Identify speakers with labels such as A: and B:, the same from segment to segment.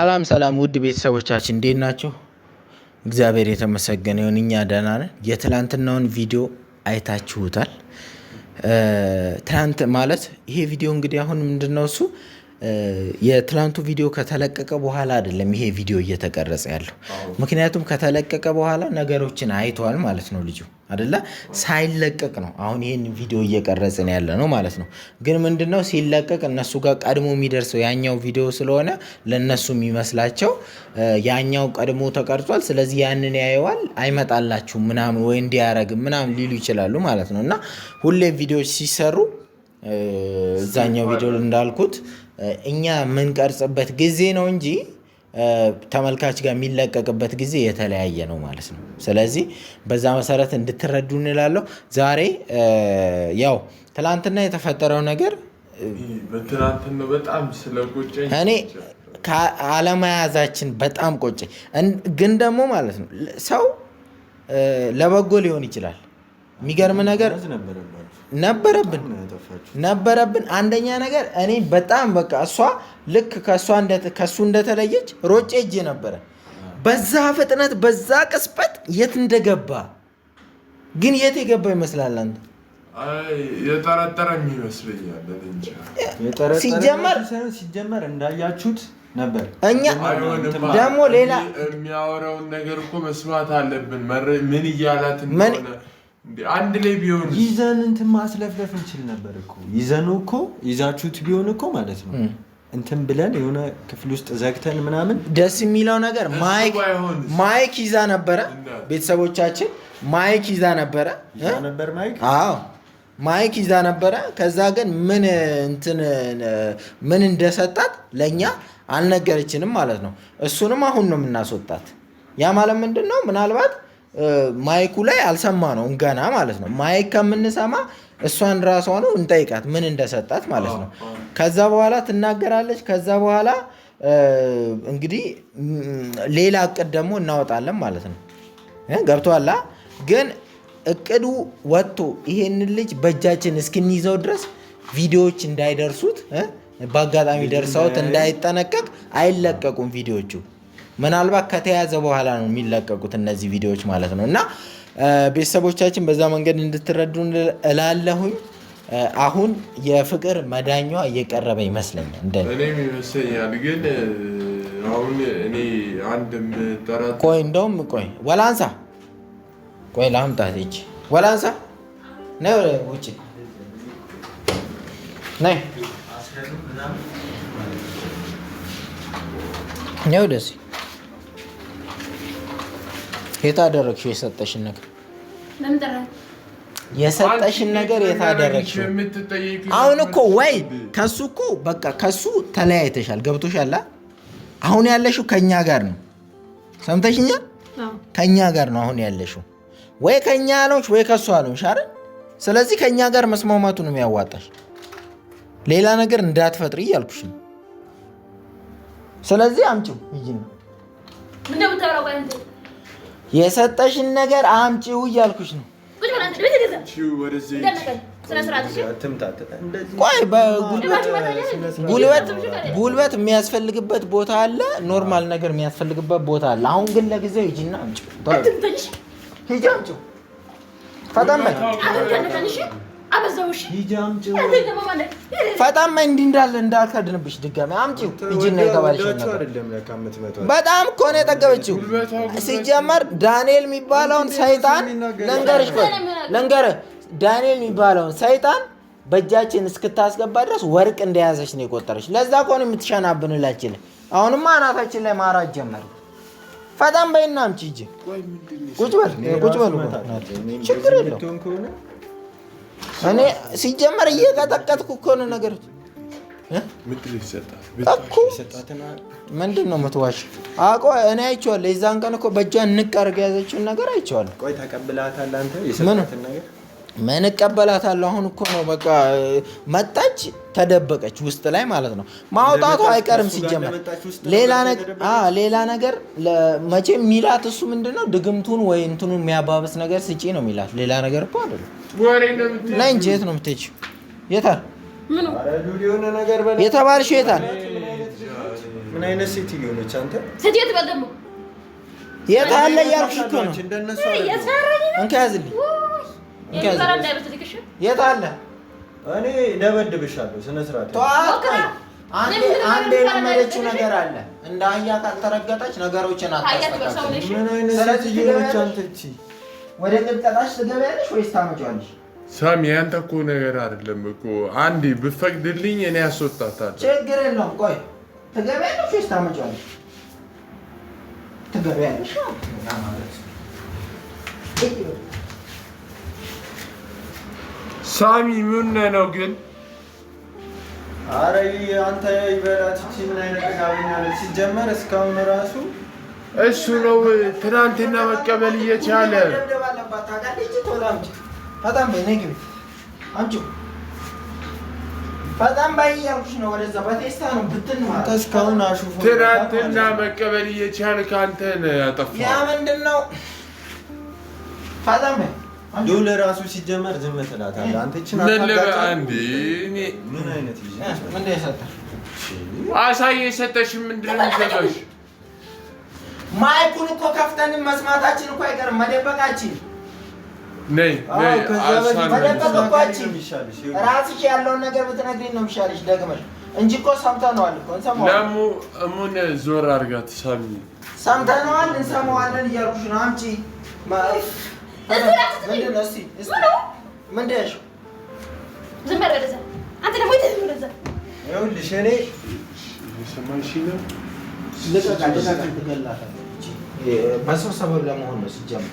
A: ሰላም ሰላም ውድ ቤተሰቦቻችን እንዴት ናቸው? እግዚአብሔር የተመሰገነ ይሁን እኛ ደህና ነን። የትላንትናውን ቪዲዮ አይታችሁታል። ትናንት ማለት ይሄ ቪዲዮ እንግዲህ አሁን ምንድነው እሱ የትላንቱ ቪዲዮ ከተለቀቀ በኋላ አይደለም ይሄ ቪዲዮ እየተቀረጸ ያለው። ምክንያቱም ከተለቀቀ በኋላ ነገሮችን አይተዋል ማለት ነው ልጁ አደለ። ሳይለቀቅ ነው አሁን ይህን ቪዲዮ እየቀረጽን ያለ ነው ማለት ነው። ግን ምንድነው ሲለቀቅ እነሱ ጋር ቀድሞ የሚደርሰው ያኛው ቪዲዮ ስለሆነ ለእነሱ የሚመስላቸው ያኛው ቀድሞ ተቀርጿል። ስለዚህ ያንን ያየዋል፣ አይመጣላችሁም ምናምን ወይ እንዲያረግ ምናምን ሊሉ ይችላሉ ማለት ነው። እና ሁሌ ቪዲዮዎች ሲሰሩ እዛኛው ቪዲዮ እንዳልኩት እኛ የምንቀርጽበት ጊዜ ነው እንጂ ተመልካች ጋር የሚለቀቅበት ጊዜ የተለያየ ነው ማለት ነው። ስለዚህ በዛ መሰረት እንድትረዱ እንላለሁ። ዛሬ ያው ትላንትና የተፈጠረው ነገር እኔ አለመያዛችን በጣም ቆጨኝ። ግን ደግሞ ማለት ነው ሰው ለበጎ ሊሆን ይችላል የሚገርም ነገር ነበረብን ነበረብን። አንደኛ ነገር እኔ በጣም በቃ እሷ ልክ ከእሱ እንደተለየች ሮጬ እጄ ነበረ። በዛ ፍጥነት በዛ ቅስበት የት እንደገባ ግን የት የገባ ይመስላል አንተ
B: የጠረጠረኝ ይመስለኛል።
A: ሲጀመር
C: ሲጀመር እንዳያችሁት ነበር
A: እኛ ደግሞ ሌላ
B: የሚያወራውን ነገር እኮ መስማት አለብን። ምን እያላት ሆነ አንድ ላይ ቢሆን
C: ይዘን እንትን ማስለፍለፍ እንችል ነበር እኮ ይዘን እኮ ይዛችሁት ቢሆን እኮ ማለት ነው እንትን ብለን የሆነ ክፍል ውስጥ ዘግተን ምናምን
A: ደስ የሚለው ነገር ማይክ ይዛ ነበረ። ቤተሰቦቻችን ማይክ ይዛ ነበረ ነበር ማይክ ማይክ ይዛ ነበረ። ከዛ ግን ምን እንትን ምን እንደሰጣት ለእኛ አልነገረችንም ማለት ነው። እሱንም አሁን ነው የምናስወጣት። ያ ማለት ምንድን ነው ምናልባት ማይኩ ላይ አልሰማ ነውም ገና ማለት ነው። ማይክ ከምንሰማ እሷን ራሷ ነው እንጠይቃት ምን እንደሰጣት ማለት ነው። ከዛ በኋላ ትናገራለች። ከዛ በኋላ እንግዲህ ሌላ እቅድ ደግሞ እናወጣለን ማለት ነው። ገብቶሃል? ግን እቅዱ ወጥቶ ይሄንን ልጅ በእጃችን እስክንይዘው ድረስ ቪዲዮዎች እንዳይደርሱት በአጋጣሚ ደርሰውት እንዳይጠነቀቅ አይለቀቁም ቪዲዮቹ። ምናልባት ከተያዘ በኋላ ነው የሚለቀቁት እነዚህ ቪዲዮዎች ማለት ነው። እና ቤተሰቦቻችን በዛ መንገድ እንድትረዱ እላለሁኝ። አሁን የፍቅር መዳኛ እየቀረበ ይመስለኛል። እንደ
B: እኔም ይመስለኛል ግን አሁን እኔ አንድ የምጠራት
A: ቆይ እንደውም ቆይ ወላንሳ ቆይ ላምጣት ይቺ ወላንሳ ነው ውጭ ነይ ነው ደስ የታደረግሽ የሰጠሽን ነገር የሰጠሽን ነገር የታደረግሽ አሁን እኮ ወይ ከሱ እኮ በቃ ከሱ ተለያይተሻል። ገብቶሻል። አሁን ያለሽው ከኛ ጋር ነው። ሰምተሽኛል? ከኛ ጋር ነው አሁን ያለሽው። ወይ ከኛ አለች ወይ ከሱ አለች አይደል? ስለዚህ ከኛ ጋር መስማማቱ ነው የሚያዋጣሽ። ሌላ ነገር እንዳትፈጥሪ እያልኩሽ ነው። ስለዚህ አምጪው ይይ ነው የሰጠሽን ነገር አምጪው እያልኩሽ ነው። ጉልበት የሚያስፈልግበት ቦታ አለ፣ ኖርማል ነገር የሚያስፈልግበት ቦታ አለ። አሁን ግን ለጊዜው ሂጂና አምጪው። አበዛውሽ። በጣም እንዲህ እንዳለ እንዳልካድንብሽ ድጋሚ አምጪው እንጂ ነው የተባለሽ። በጣም እኮ ነው የጠገበችው። ሲጀመር ዳንኤል የሚባለውን ሰይጣን ልንገርሽ፣ ቆይ ልንገርህ፣ ዳንኤል የሚባለውን ሰይጣን በእጃችን እስክታስገባ ድረስ ወርቅ እንደያዘች ነው የቆጠረች። ለዛ እኮ ነው የምትሸናብንላችን። አሁንማ አናታችን ላይ ማራት ጀመር። ፈጣን በይና አምጪ እንጂ ቁጭ በል ቁጭ በል፣ ችግር የለውም እኔ ሲጀመር እየቀጠቀጥኩ እኮ ነው ነገሮች ምንድን ነው የምትዋሽ? አቆ እኔ አይቼዋለሁ። የዛን ቀን እኮ በእጇ እንቅ የያዘችውን ነገር አይቼዋለሁ። ቆይ ምን እቀበላታለሁ? አሁን እኮ ነው በቃ መጣች፣ ተደበቀች ውስጥ ላይ ማለት ነው። ማውጣቱ አይቀርም ሲጀመር። ሌላ ነገር መቼ ሚላት እሱ ምንድን ነው ድግምቱን ወይ እንትኑን የሚያባብስ ነገር ስጪ ነው ሚላት። ሌላ ነገር እኮ አይደለም
B: ነይ እንጂ የት ነው የምትሄጂው?
A: የታል የተባልሽው? የታል
C: ምን አይነት ሴትዮ ነች አንተ?
A: የት አለ እያልኩሽ እኮ ነው። እንካ ያዝልኝ፣ የት አለ?
C: እኔ ደበድብሻለሁ። ስነ ስርዓት
A: የለመደችው ነገር አለ። እንደ ካልተረገጠች ነገሮችን
D: አታስተካክልም። ምን
A: አይነት ሴትዮ ነች አንተ? ወደ ቅብጠታሽ ትገበያለሽ ወይስ ታመጫዋለሽ?
B: ሳሚ ያንተ እኮ ነገር አይደለም እኮ አንዴ ብፈቅድልኝ እኔ ያስወጣታለሁ።
A: ችግር የለውም። ቆይ ትገበያለሽ ወይስ ታመጫዋለሽ?
B: ሳሚ ምን ነው ግን?
C: አረ አንተ ይበላት ምን አይነት ጋብኛለ ሲጀመር እስካሁን ራሱ
B: እሱ ነው ትናንትና መቀበል እየቻለ
A: ታውቃለች። በይ፣ ነው። ወደዛ በቴስታ ነው ብትን ማለት እስካሁን አሹፉ
B: ትናንትና መቀበል እየቻልክ አንተን ያጠፋ
A: ያ ምንድን ነው? በጣም
C: ዶለ ራሱ ሲጀመር ዝም ትላታለህ። አንተ ይችን
B: አንዴ ምን አይነት አሳይ የሰጠሽ ምንድን ነው
A: ማይኩን እኮ ከፍተን መስማታችን እኮ አይቀርም መደበቃችን ነይ ነይ ራስሽ ያለውን ነገር ብትነግሪኝ ነው የሚሻልሽ፣ ደግመሽ እንጂ እኮ ሰምተነዋል እኮ
B: እንሰማዋለን። እሙን ዞር አድርጋት ሳሚ፣
A: ሰምተነዋል እንሰማዋለን እያልኩሽ ነው። አምጪ
D: ምንድን ነሽ?
A: ይኸውልሽ እኔ
B: ሰማሽኝ ነው
A: በሰው ሰበብ ለመሆን ነው ሲጀምር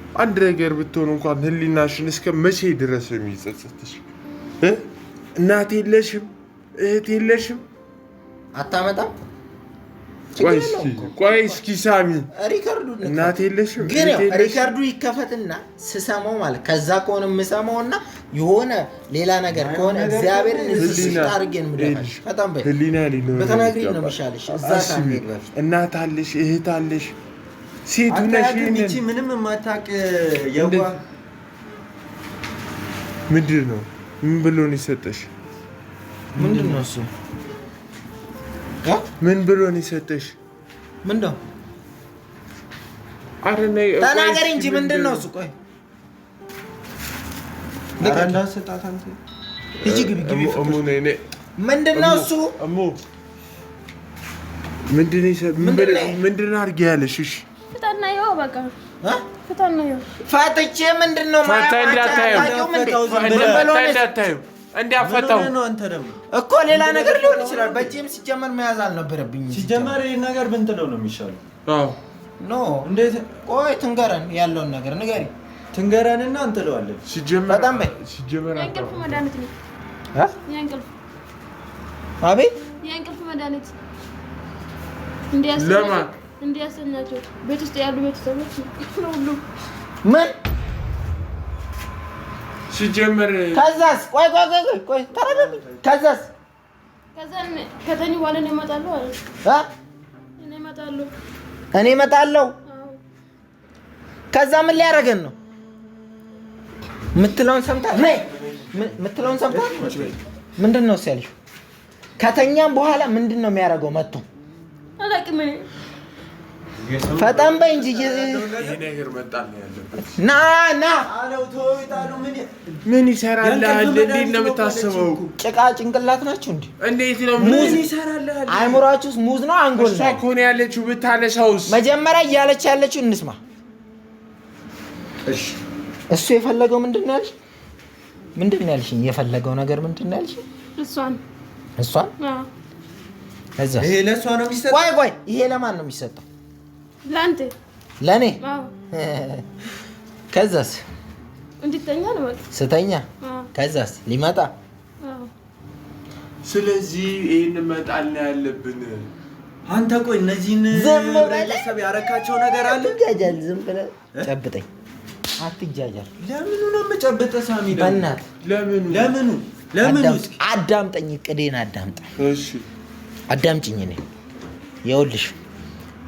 B: አንድ ነገር ብትሆን እንኳን ህሊናሽን እስከ መቼ ድረስ የሚጸጸትሽ? እናት የለሽም፣ እህት የለሽም፣ አታመጣም። ቆይ እስኪ ሳሚ
A: እናት የለሽም። ግን ሪከርዱ ይከፈትና ስሰማው ማለት ከዛ ከሆነ የምሰማው እና የሆነ ሌላ ነገር ከሆነ እግዚአብሔርን አድርጌን ምደፋሽ በጣም በተናግሪ ነው የሚሻልሽ።
B: እናት አለሽ፣ እህት አለሽ
A: ሴቱ ነሽ። ይቺ ምንም የማታውቅ የዋ
B: ምንድን ነው? ምን ብሎ ነው የሰጠሽ? ምንድን ነው እሱ? ምን ብሎ ነው የሰጠሽ?
A: ምንድን ነው? ተናገሪ እንጂ ምንድን ነው እሱ? ቆይ
B: ምንድን ነው እሱ? ምንድን አድርጌ ያለሽ? እሺ
D: ፍታና ይኸው በቃ ፍታና ይኸው
A: ፈትቼ ምንድን ነው
B: ፈታይ እንዳታዩ እንዲያፈታው
A: እኮ ሌላ ነገር ሊሆን ይችላል። በእጄም ሲጀመር መያዝ አልነበረብኝም ሲጀመር ይህን ነገር ብንጥለው ነው የሚሻለው። ኖ እንዴት? ቆይ ትንገረን፣ ያለውን ነገር ንገሪ። ትንገረንና እንጥለዋለን።
B: ሲጀመር በጣም በይ። ሲጀመር
D: የእንቅልፍ መድኃኒት ነው። የእንቅልፍ አቤት፣ የእንቅልፍ መድኃኒት እንዲያስ ለማን እንዲያሰኛቸው ቤት ውስጥ ያሉ ቤተሰቦች ሁሉም
A: ምን ሲጀመር ከዛስ ቆይ ቆይ ቆይ ቆይ ተረጋግ ከዛስ
D: ከዛን ከተኝ በኋላ እኔ እመጣለሁ አለ እኔ እመጣለሁ
A: እኔ እመጣለሁ ከዛ ምን ሊያደርገን ነው ምትለውን ነይ ምትለውን ምንድን ነው ሲያልሽ ከተኛም በኋላ ምንድን ነው የሚያደርገው መጥቶ አላውቅም እኔ ፈጣን ባይ እንጂ
B: ምን ይሰራልሃል? እንዴት ነው የምታስበው?
A: ጭቃ ጭንቅላት ናችሁ እንዴ? እንዴት ነው ሙዝ ይሰራልሃል? አይምሯችሁስ ሙዝ ነው አንጎል
B: ነው እኮ ነው ያለችው። ብታነሳውስ?
A: መጀመሪያ እያለች ያለችው እንስማ። እሱ የፈለገው ምንድን ነው ያልሽ? ምንድን ነው የፈለገው ነገር ምንድን ነው እሷን እሷን፣ ይሄ ለእሷ ነው የሚሰጠው። ቆይ ቆይ፣ ይሄ ለማን ነው የሚሰጠው? ለእኔ ከዛስ እንድተኛ ነው ስተኛ ከዛስ ሊመጣ
B: ስለዚህ ይህን መጣል ነው ያለብን።
A: አንተ ቆይ እነዚህን ሰብ ያረካቸው ነገር አለ። ዝም ብለህ ጨብጠኝ። አትጃጃል።
B: ለምኑ ነው ሳሚ? ለምኑ ለምኑ
A: ለምኑ? አዳምጠኝ፣ እሺ አዳምጭኝ። እኔ ይኸውልሽ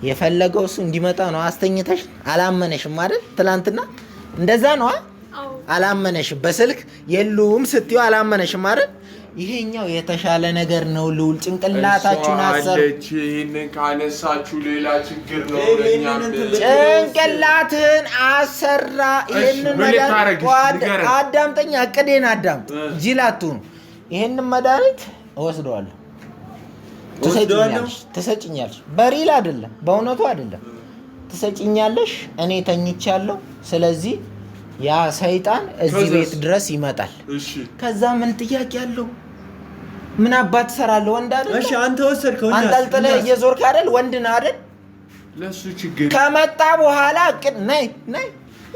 A: የፈለገው እሱ እንዲመጣ ነው። አስተኝተሽ አላመነሽም አይደል? ትላንትና እንደዛ ነው። አላመነሽም በስልክ የሉም ስትዩ አላመነሽም አይደል? ይሄኛው የተሻለ ነገር ነው። ልውል
B: ጭንቅላታችሁን አሰብ። አሰር ካነሳችሁ ሌላ ችግር ነው።
A: ጭንቅላትን አሰራ። ይህንን መድኃኒት አዳምጠኝ፣ አቅዴን አዳምጥ። ጅላቱን ይህንን መድኃኒት እወስደዋለሁ ትሰጭኛለሽ። በሪል አይደለም፣ በእውነቱ አይደለም። ትሰጭኛለሽ። እኔ ተኝቻለሁ። ስለዚህ ያ ሰይጣን እዚህ ቤት ድረስ ይመጣል። ከዛ ምን ጥያቄ አለው? ምን አባት ትሰራለህ? ወንድ
B: አይደል? እሺ፣ አንተ ወሰድከው
A: አንጠልጥለህ እየዞርክ አይደል? ወንድ ነህ አይደል?
B: ለሱ ችግር
A: ከመጣ በኋላ እቅድ ነይ ነይ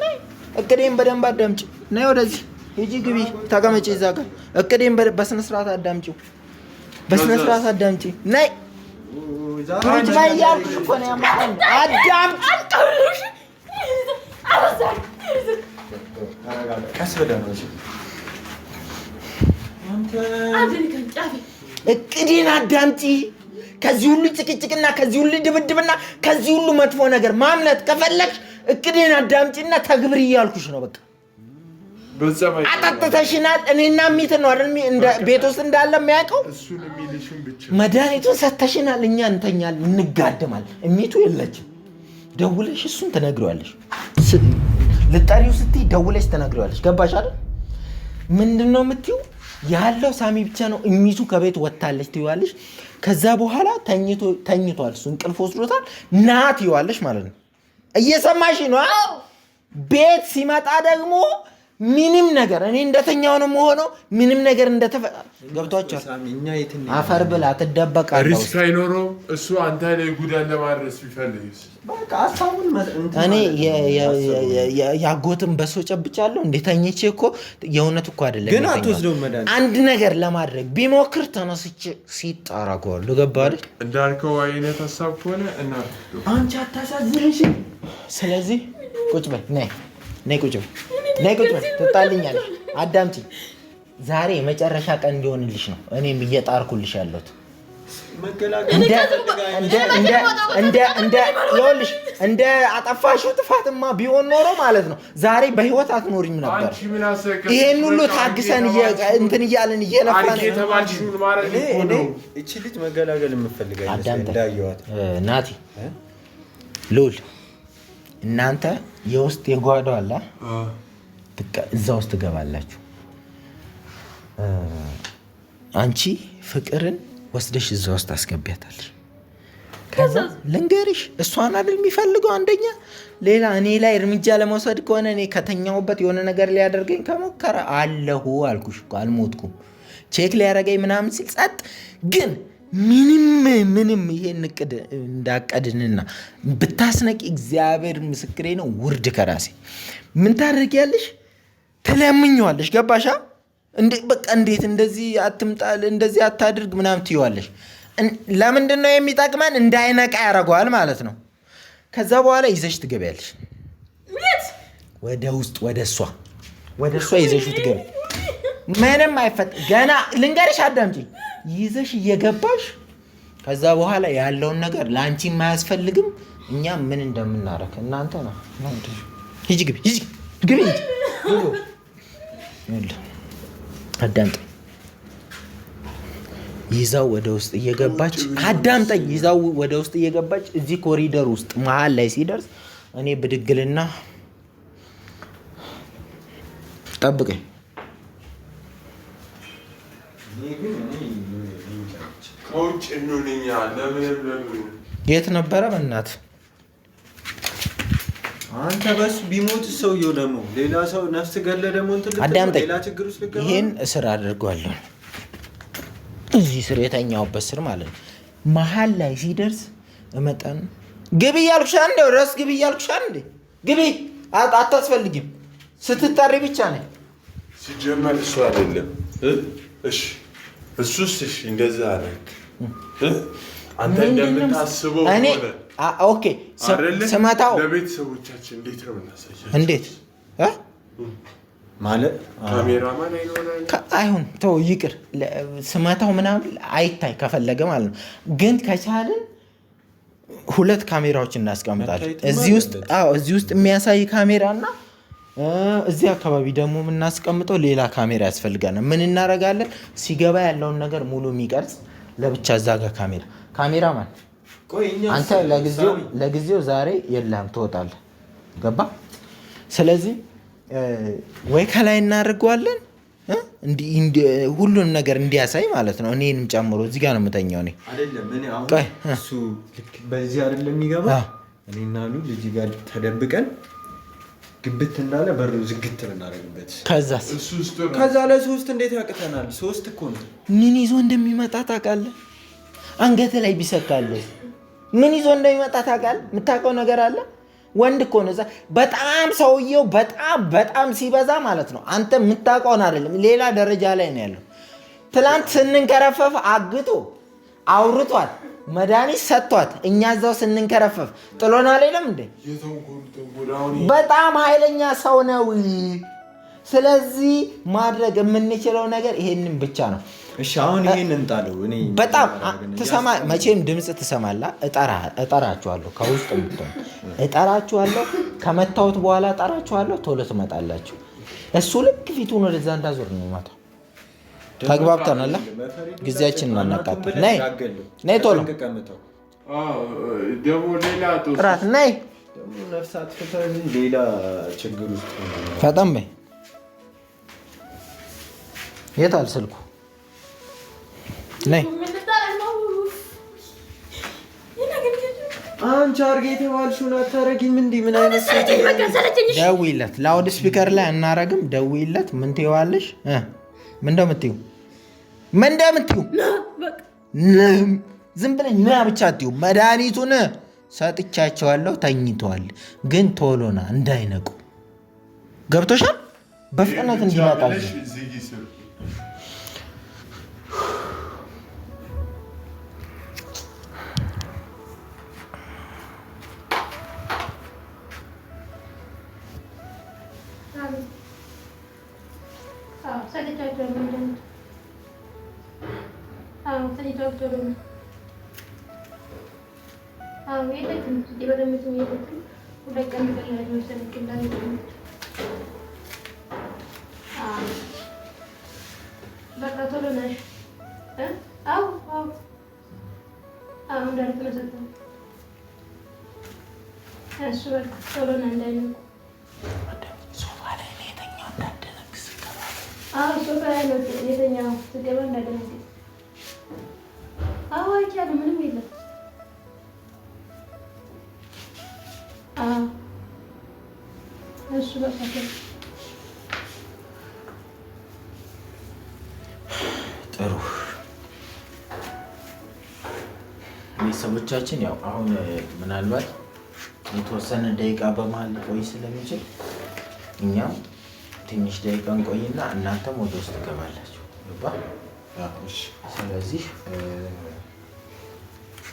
A: ነይ፣ እቅዴን በደንብ አዳምጪ። ነይ ወደዚህ ሂጂ፣ ግቢ፣ ተቀመጪ እዛ ጋር። እቅዴን በስነ ስርዓት አዳምጪው። በስነ ስርዓት አዳምጪ። ነይ ሩጅ ላይ ያልኩሽ እኮ ነው ያመጣል። አዳምጪ። እቅዴን አዳምጪ። ከዚህ ሁሉ ጭቅጭቅና ከዚህ ሁሉ ድብድብና ከዚህ ሁሉ መጥፎ ነገር ማምለት ከፈለግሽ እቅዴን አዳምጪና ተግብር እያልኩሽ ነው በቃ አጠጥተሽናል። እኔና ሚት ነው ቤት ውስጥ እንዳለ የሚያውቀው መድኃኒቱን ሰተሽናል። እኛ እንተኛል፣ እንጋድማል። ሚቱ የለችም። ደውለሽ እሱን ትነግሪዋለሽ። ልጠሪው ስትይ ደውለሽ ትነግሪዋለሽ። ገባሽ አይደል? ምንድን ነው የምትይው? ያለው ሳሚ ብቻ ነው። እሚቱ ከቤት ወታለች ትይዋለሽ። ከዛ በኋላ ተኝቷል፣ እሱ እንቅልፍ ወስዶታል። ናት ይዋለሽ ማለት ነው። እየሰማሽ ነው። ቤት ሲመጣ ደግሞ ምንም ነገር እኔ እንደተኛው ነው የምሆነው። ምንም ነገር እንደተፈጠረ ገብቷቸው አፈር ብላ ትደበቃለህ።
B: ሪስክ አይኖረው እሱ አንተ ላይ ጉዳት ለማድረስ ቢፈልግስ
A: እኔ ያጎትን በሶ ጨብጫለሁ። እንደ እኮ የእውነት እኮ አይደለም። ግን አትወስደውም መድኃኒት አንድ ነገር ለማድረግ ቢሞክር ተነስቼ ሲጥ ገባል።
B: እንዳልከው አይነት ሀሳብ ከሆነ እና
A: አንቺ አታሳዝንሽም። ስለዚህ ቁጭ በል ነይ ነይ ቁጭ በይ፣ ነይ ቁጭ በይ። ትጣልኛለሽ። ዛሬ መጨረሻ ቀን እንዲሆንልሽ ነው እኔም እየጣርኩልሽ ያለሁት። እንደ አጠፋሽው ጥፋትማ ቢሆን ኖሮ ማለት ነው ዛሬ በህይወት አትኖሪም ነበር። ይሄን ሁሉ ታግሰን እንትን እያልን
B: እየለፋን
C: ልጅ መገላገል
A: ናቲ ልውል እናንተ የውስጥ የጓዶ አለ እዛ ውስጥ ትገባላችሁ። አንቺ ፍቅርን ወስደሽ እዛ ውስጥ አስገቢያታለሽ። ከዛ ልንገርሽ፣ እሷን አይደል የሚፈልገው። አንደኛ ሌላ እኔ ላይ እርምጃ ለመውሰድ ከሆነ እኔ ከተኛሁበት የሆነ ነገር ሊያደርገኝ ከሞከረ አለሁ አልኩሽ፣ አልሞትኩም። ቼክ ሊያደርገኝ ምናምን ሲል ጸጥ ግን ምንም ምንም ይሄን እቅድ እንዳቀድንና ብታስነቂ እግዚአብሔር ምስክሬ ነው። ውርድ ከራሴ ምን ታደርጊያለሽ? ትለምኘዋለሽ። ገባሻ? በቃ እንዴት እንደዚህ አትምጣል፣ እንደዚህ አታድርግ ምናምን ትይዋለሽ። ለምንድን ነው የሚጠቅመን? እንዳይነቃ ያደርገዋል ማለት ነው። ከዛ በኋላ ይዘሽ ትገቢያለሽ ወደ ውስጥ ወደ እሷ ወደ እሷ ይዘሽ ትገቢ ምንም አይፈጥ ገና ልንገርሽ፣ አዳምጪ ይዘሽ እየገባሽ ከዛ በኋላ ያለውን ነገር ለአንቺ አያስፈልግም። እኛ ምን እንደምናረክ እናንተ ነው። ሂጂ ግቢ፣ ሂጂ ግቢ። አዳምጠኝ። ይዛው ወደ ውስጥ እየገባች አዳምጠኝ። ይዛው ወደ ውስጥ እየገባች እዚህ ኮሪደር ውስጥ መሀል ላይ ሲደርስ እኔ ብድግልና ጠብቀኝ። የት ነበረ? በእናትህ
C: አንተ በስ ቢሞት ሰውየው ደግሞ ሌላ ሰው ነፍስ ገለ ደግሞ
A: አዳምጠኝ። ይህን እስር አድርጓለሁ እዚህ ስር የተኛውበት ስር ማለት ነው። መሀል ላይ ሲደርስ እመጣን ግቢ እያልኩሽ አንዴ ድረስ ግቢ እያልኩሽ አንዴ ግቢ አታስፈልጊም ስትጠሪ ብቻ ነኝ
B: ሲጀመር እሱ አይደለም እሺ እሱስ እሺ፣ እንደዛ አደረክ። አንተ እንደምታስበው እኔ
A: ኦኬ፣ ስመታው
B: ለቤተሰቦቻችን እንዴት ነው እናሳያቸው?
A: እንዴት ማለት
B: ካሜራማን
A: አይሆን፣ ተው ይቅር። ስመታው ምናምን አይታይ ከፈለገ ማለት ነው። ግን ከቻልን ሁለት ካሜራዎች እናስቀምጣለን እዚህ ውስጥ እዚህ ውስጥ የሚያሳይ ካሜራ እና እዚህ አካባቢ ደግሞ የምናስቀምጠው ሌላ ካሜራ ያስፈልጋል። ምን እናደርጋለን? ሲገባ ያለውን ነገር ሙሉ የሚቀርጽ ለብቻ እዛ ጋር ካሜራ ካሜራ ማለት አንተ ለጊዜው ዛሬ የለህም ትወጣለህ። ገባ? ስለዚህ ወይ ከላይ እናደርገዋለን ሁሉንም ነገር እንዲያሳይ ማለት ነው። እኔንም ጨምሮ እዚህ ጋር ነው የምተኛው። እኔ
C: በዚህ አይደለም የሚገባ እኔና ልጅ ጋር ተደብቀን ግብት እንዳለ በሩ ዝግት ብናደርግበት፣ ከዛ ለሶስት እንዴት ያቅተናል? ሶስት እኮ ነው።
A: ምን ይዞ እንደሚመጣ ታውቃለህ? አንገት ላይ ቢሰካለህ ምን ይዞ እንደሚመጣ ታውቃለህ? የምታውቀው ነገር አለ። ወንድ እኮ ነው። በጣም ሰውየው በጣም በጣም ሲበዛ ማለት ነው። አንተ የምታውቀውን አይደለም፣ ሌላ ደረጃ ላይ ነው ያለው። ትላንት ስንንከረፈፍ አግቶ አውርቷል። መድኃኒት ሰጥቷት እኛ እዛው ስንንከረፈፍ ጥሎን አልሄድም እንዴ? በጣም ኃይለኛ ሰው ነው። ስለዚህ ማድረግ የምንችለው ነገር ይሄንን ብቻ ነው።
C: አሁን ይሄን እንጣለው።
A: በጣም ትሰማ መቼም ድምፅ ትሰማላ። እጠራችኋለሁ፣ ከውስጥ የምትሆን እጠራችኋለሁ። ከመታወት በኋላ እጠራችኋለሁ፣ ቶሎ ትመጣላችሁ። እሱ ልክ ፊቱን ወደዛ እንዳዞር ነው ይመታው ተግባብተን አለ ጊዜያችን እናናቃጥል። ነይ ነይ፣ ቶሎ ጥራት ነይ፣ ፈጠን በይ። የት አለ ስልኩ? ነይ
C: አንቺ አርጌ የተባልሽውን አታረጊም። እንዲህ
D: ምን አይነት ሰው
A: ደውይለት፣ ላውድ ስፒከር ላይ እናረግም። ደውይለት ምን ትይዋለሽ? ምንደው ምትዩ? ምንደው ምትዩ? ዝም ብለህ ና ብቻ ትዩ። መድኃኒቱን ሰጥቻቸዋለሁ። ተኝተዋል፣ ግን ቶሎና እንዳይነቁ ገብቶሻል። በፍጥነት እንዲመጣ
D: ሶፋ ላይ ነው የተኛው። ስትገባ እንዳደነግጥ አዋቂ ያለ ምንም የለም። እሱ በቃ
A: ጥሩ ቤተሰቦቻችን፣ ያው አሁን ምናልባት የተወሰነ ደቂቃ በመሀል ሊቆይ ስለሚችል እኛም ትንሽ ደቂቃ እንቆይና እናንተም ወደ ውስጥ ትገባላችሁ። ስለዚህ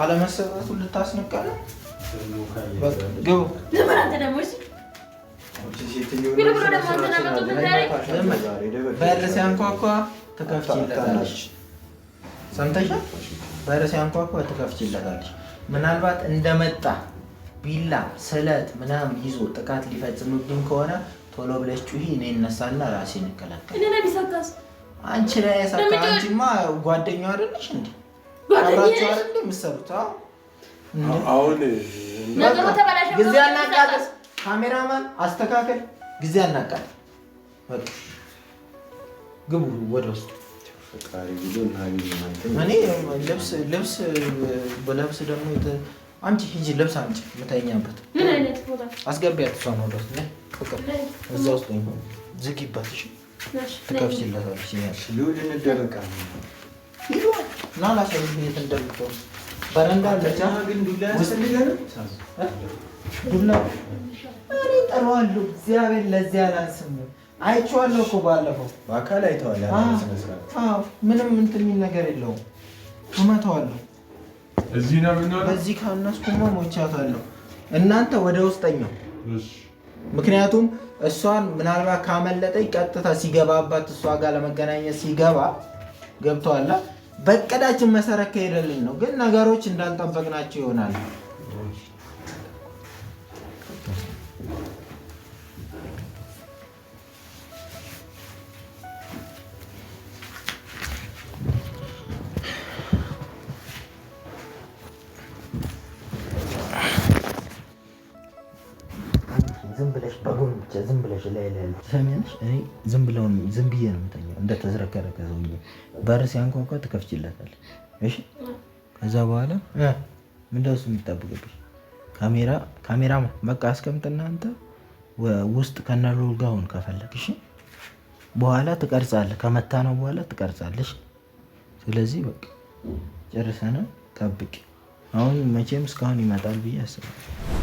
A: አለመሰጠቱን ልታስነቃለ ግቡ። በር ሲያንኳኳ ሰምተሻል? በር ሲያንኳኳ ምናልባት እንደመጣ ቢላ ስለት ምናምን ይዞ ጥቃት ሊፈጽምብኝ ከሆነ ቶሎ ብለሽ ጩሂ፣ እኔ እነሳና ራሴ እንከላከል። አንቺ ላይ አንቺማ ጓደኛው አይደለሽ እንዴ? አብራችኋል እንደምትሰሩት አሁን ጊዜ አናቃጥል። ካሜራማን አስተካከል፣ ጊዜ አናቃጥል። ግቡ ወደ ውስጥ። እኔ ልብስ በለብስ ደግሞ አንቺ ሂጂ ልብስ አንቺ የምተኛበት አስገቢያት። እሷ መውደት እዛ ውስጥ ዝጊባት። ትከፍችለታለች እና ላሳይህ ቤት እንደምትሆን በረንዳ አለች። ዱላ እኔ እጠራዋለሁ። እግዚአብሔር ለዚህ አላንስም። አይቼዋለሁ እኮ ባለፈው
C: በአካል አይተዋል።
A: ምንም እንትን የሚል ነገር የለውም። እመታዋለሁ። በዚህ ካነስኩማ ሞቻታለሁ። እናንተ ወደ ውስጠኛው ምክንያቱም እሷን ምናልባት ካመለጠኝ ቀጥታ ሲገባባት እሷ ጋር ለመገናኘት ሲገባ ገብተዋላ በቀዳችን መሰረት ከሄደልኝ ነው። ግን ነገሮች እንዳልጠበቅናቸው ይሆናል። ዝም ብለሽ በጎን ብቻ ዝም ብለሽ ላይ ላይ ዝም ብለውን ዝም ብዬ ነው እንደተዝረከረከ ሰውዬው በር ሲያንኳኳ ትከፍችለታለህ። እሺ፣ ከዛ በኋላ ምንድነው እሱ የሚጠብቅብሽ? ካሜራ ካሜራ በቃ አስቀምጥና አንተ ውስጥ ከነልዑል ጋር ከፈለግ። እሺ፣ በኋላ ትቀርጻለህ። ከመታ ነው በኋላ ትቀርጻለሽ። ስለዚህ በቃ ጨርሰነ ጠብቅ አሁን መቼም እስካሁን ይመጣል ብዬ አስባለሁ።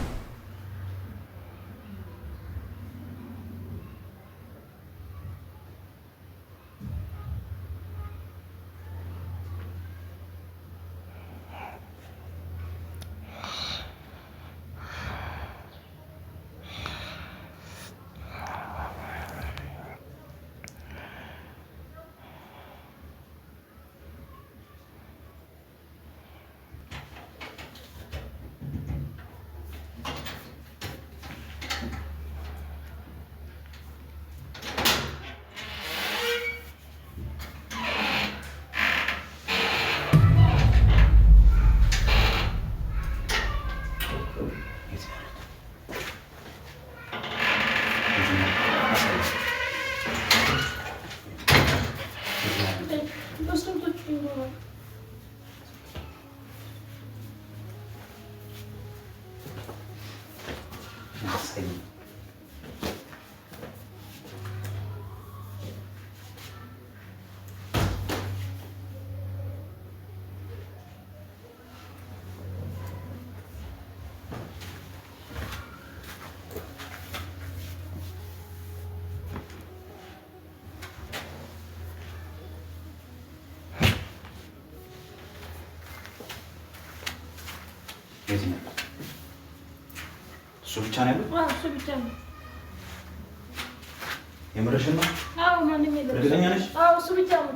A: የት ነው እሱ? ብቻ ነው ያለው? እሱ ብቻ ነው። የምርሽን ነው? እርግጠኛ ነሽ? እሱ ብቻ ነው።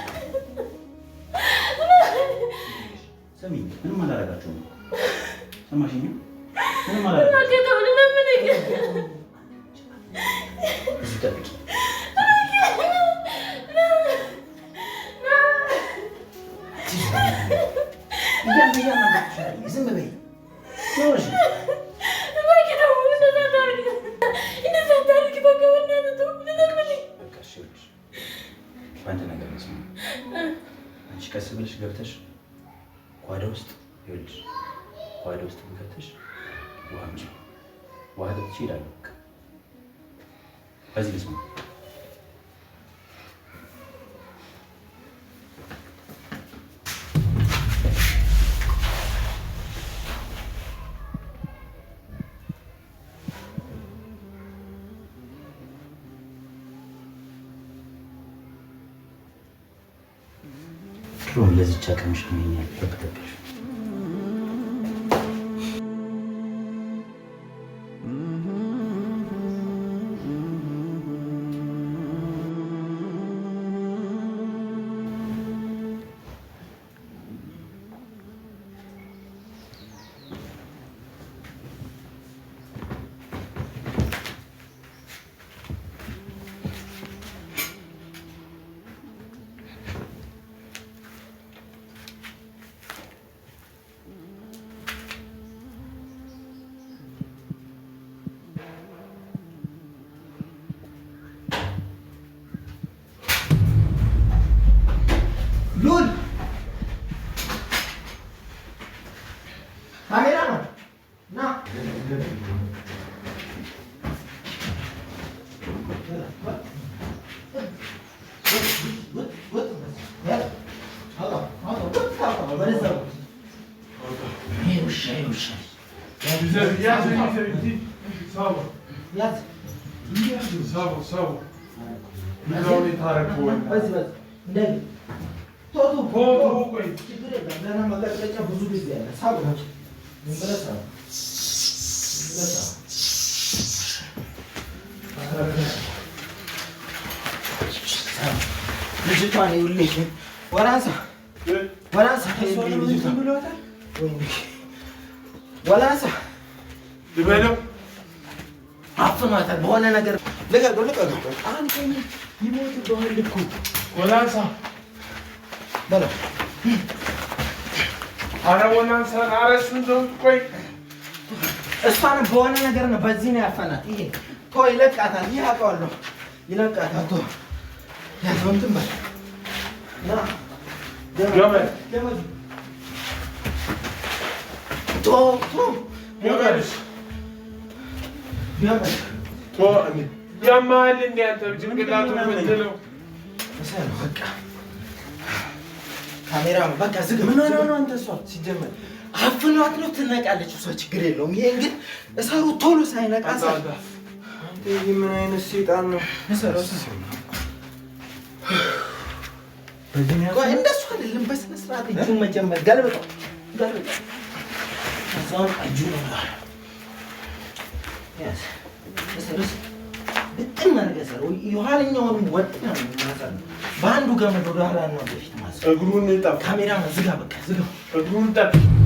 A: ስሚ፣ ምንም አላደርጋቸውም። ሰማሽኝ? ምንም አላደርጋቸውም። ለምን እዚህ ጠብቂ። ገብተሽ ጓዳ ውስጥ ይኸውልሽ፣ ጓዳ ውስጥ የሚከተሽ ውሃ ውሃ ጠጥቼ እሄዳለሁ። በዚህ Neymiş?
B: Ya bize bir yaz verin Sağ ol. Yaz. Bir yaz sağ ol sağ ol. Bir daha onu tarif koyun. hadi. bas. Ne?
A: Todo povo koyun. Kibire ben ben ama da kaça buzu biz yani. Sağ ol. Bunlara sağ ol. Bunlara sağ ol. Müzik hani ünlü için. Varansa. Varansa. Varansa. Varansa. Varansa. Varansa. Varansa. ወላሳ ልበለው አፍኗታል። በሆነ ነገር ልቀቀው፣ ልቀቀው። አንተ ይሞትብሃል እኮ ወላሳ በለው።
B: ኧረ ወላንሳ፣ ኧረ እሱን ዘው ቆይ።
A: እሷንም በሆነ ነገር ነው፣ በዚህ ነው ያፈናት። ይሄ ቆይ ይለቃታል፣ ይህ አውቀዋለሁ። ይለቃታል ቶ ያዘው እንትን በል ገመድ To, በቃ ዝግ። ምን ሆነው ነው አንተ? እሷ ሲጀመር አፍኗት ነው ትነቃለች። እሷ ችግር የለውም። ይሄ ግን እሰሩ ቶሎ ሳይነቃ
B: ምን አይነት ሴጣን ነው?
A: እንደሱ አይደለም። በስነ ስርዓት እጁን መጀመር ገልብጠው down and you know. Yes. እስ ብጥን አድርገህ የኋለኛውን ወጥ በአንዱ ገመድ ወደ ኋላ ነው በፊት
B: ማሰር። እግሩን ጠፍ
A: ካሜራ ዝጋ፣ በቃ ዝጋ
B: እግሩን ጠፍ